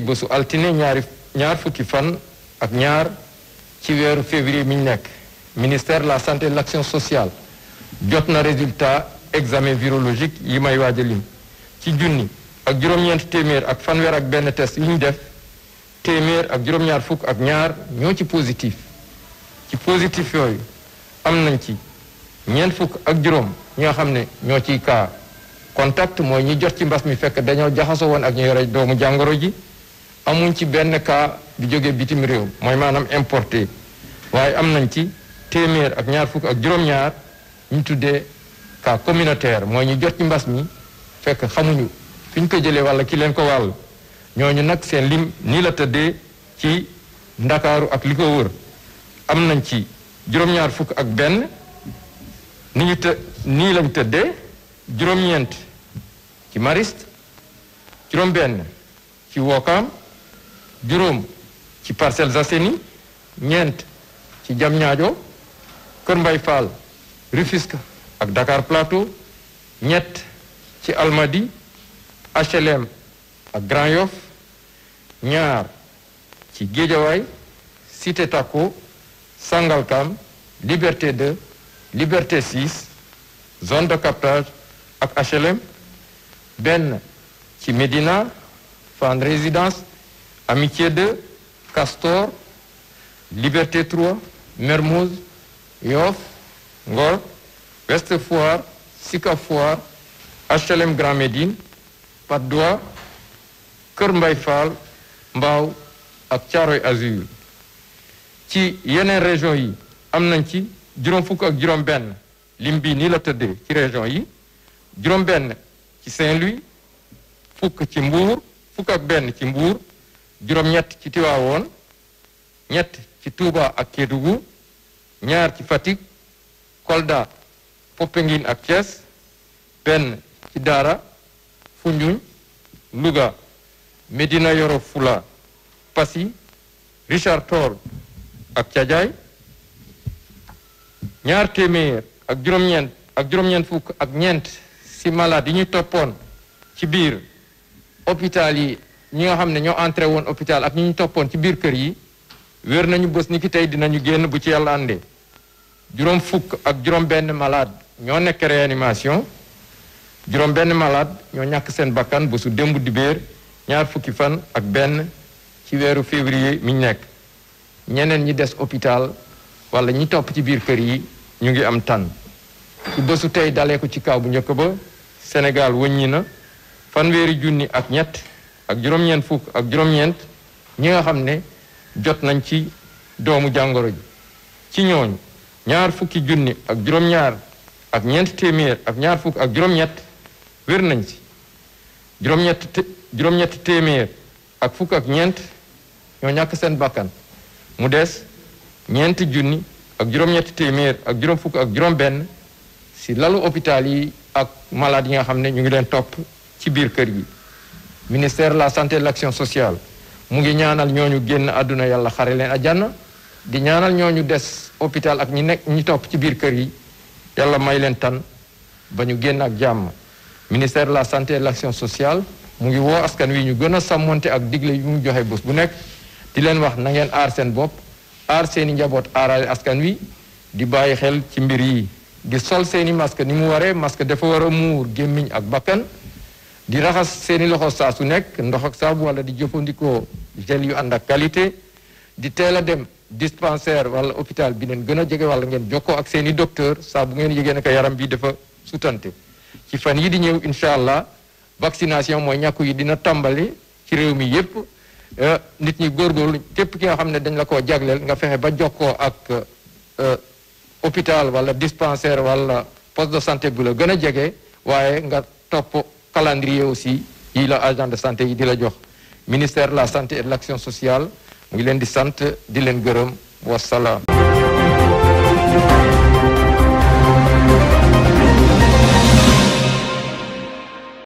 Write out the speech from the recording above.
tey altine ñaari ñaar fukki fan ak ñaar ci weeru février mi nekk ministère la santé et sociale jot na résultat examen virologique yi may waaj a lim ci junni ak juróom-ñeent téeméer ak fanweer ak benn test yi ñu def téeméer ak juróom-ñaar fukk ak ñaar ñoo ci positif ci positif yooyu am nañ ci ñeent fukk ak juróom ñoo xam ne ñoo ciy cas contact mooy ñi jot ci mbas mi fekk dañoo jaxasoo woon ak ñu yore doomu jàngoro ji amuñ ci benn cas bi jógee bitim réew mooy maanaam importé waaye am nañ ci téeméer ak ñaar fukk ak juróom-ñaar ñu tuddee cas communautaire mooy ñu jot ci mbas mi fekk xamuñu fi ñu ko jëlee walla ki leen ko wàll ñooñu nag seen lim nii la tëddee ci ndakaaru ak li ko wër am nañ ci juróom-ñaar fukk ak benn ni ñu të nii lañ tëddee juróom-ñeent ci Mariste juróom-benn ci Wokam juróom ci Parcelles Assainies ñeent ci jamnaajo Kër Mbay Fall ak Dakar Plateau ñett ci Almadi achelem ak Grand Yoff ñaar ci Géejawaay Cité Takko Sangalkam Liberté 2 Liberté 6 zone de captage ak HLM benn ci Médina Fann Amitié 2 Castor Liberté 3 Mermoz Yoff Ngor Ouest Foire Sicap Foire HLM Grand Médine Patte Kër Mbay Fall Mbao ak Caaroy Azur ci yeneen région yi am nañ ci juróom fukk ak juróom benn lim bii la tëddee ci région yi juróom benn ci Saint-Louis fukk ci Mbour fukk ak benn ci Mbour juróom-ñett ci Tiwaawoon ñett ci Touba ak Kédougou ñaar ci Fatick Kolda Popenguine ak Thiès benn ci Daara Foundiougne Louga Médina Yoro Fula Passy Richard Toll ak Thiadiaye ñaar téeméer ak juróom-ñeent fukk ak ñeent ci mala yi ñu toppoon ci biir hôpital yi ñi nga xam ne ñoo entrée woon hôpital ak ñi ñu toppoon ci biir kër yi wér nañu bés ni ki tey dinañu génn bu ci yàlla àndee juróom fukk ak juróom benn malade ñoo nekk réanimation juróom benn malade ñoo ñàkk seen bakkan bésu démb dibéer ñaar fukki fan ak benn ci weeru février mi ñu nekk ñeneen ñi des hôpital wala ñi topp ci biir kër yi ñu ngi am tànn ci bésu tey dalee ko ci kaw bu njëkk ba Sénégal wëññi na fanweeri junni ak ñett ak juróom-ñeent fukk ak juróom ñi nga xam ne jot nañ ci doomu jàngoro ji ci ñooñu ñaar fukki junni ak juróom-ñaar ak ñeent téeméer ak ñaar fukk ak juróom-ñett wér nañ ci juróom-ñett téeméer ak fukk ak ñeent ñoo ñàkk seen bakkan mu des ñeent junni ak juróom-ñett téeméer ak juróom fukk ak juróom-benn si lalu hôpital yi ak malaat yi nga xam ne ñu ngi leen topp ci biir kër gi. ministère la santé et sociale mu ngi ñaanal ñoo ñu génn àdduna yàlla xare leen a jànn di ñaanal ñoo ñu des hôpital ak ñi nekk ñi topp ci biir kër yi yàlla may leen tan ba ñu génn ak jàmm ministère de la santé et l'action sociale mu ngi woo askan wi ñu gën a sàmmonte ak digle yu mu joxe bés bu nekk di leen wax na ngeen aar seen bopp aar seeni njaboot aarale askan wi di bàyyi xel ci mbir yi di sol seeni masque ni mu waree masque dafa war a muur gémmiñ ak bakkan di raxas seeni loxo saa su nekk ndox ak saabu wala di jëfandikoo gel yu ànd ak qualité di teel a dem dispensaire wala hôpital bi neen gën a jege ngeen jokkoo ak seeni docteur saa bu ngeen yëgee ne yaram bi dafa sutante ci fan yi di ñëw incha allah vaccination mooy ñàkku yi dina tàmbali ci réew mi yépp eh, nit ñi góorgóorlu képp ki nga xam ne dañ la koo jagleel nga fexe ba jokkoo ak eh, hôpital wala dispensaire wala poste de santé la gën a jege waaye nga topp calendrier aussi yi la agent de santé yi di la jox ministère la santé et de l'action sociale mu ngi leen di sant di leen gërëm wasalaam